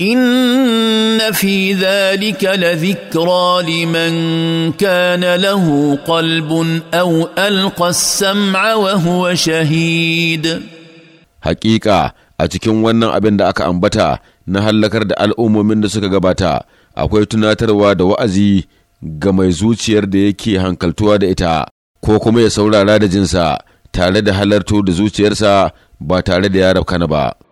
ان في ذلك لذكرى لمن كان له قلب او القى السمع وهو شهيد حقيقه a cikin wannan abin da aka ambata na hallakar da al'ummomin da suka gabata akwai tunatarwa da wa'azi ga mai zuciyar da yake hankaltuwa da ita ko kuma ya saurara da jinsa tare da halarto da zuciyarsa ba tare da ya rafkana ba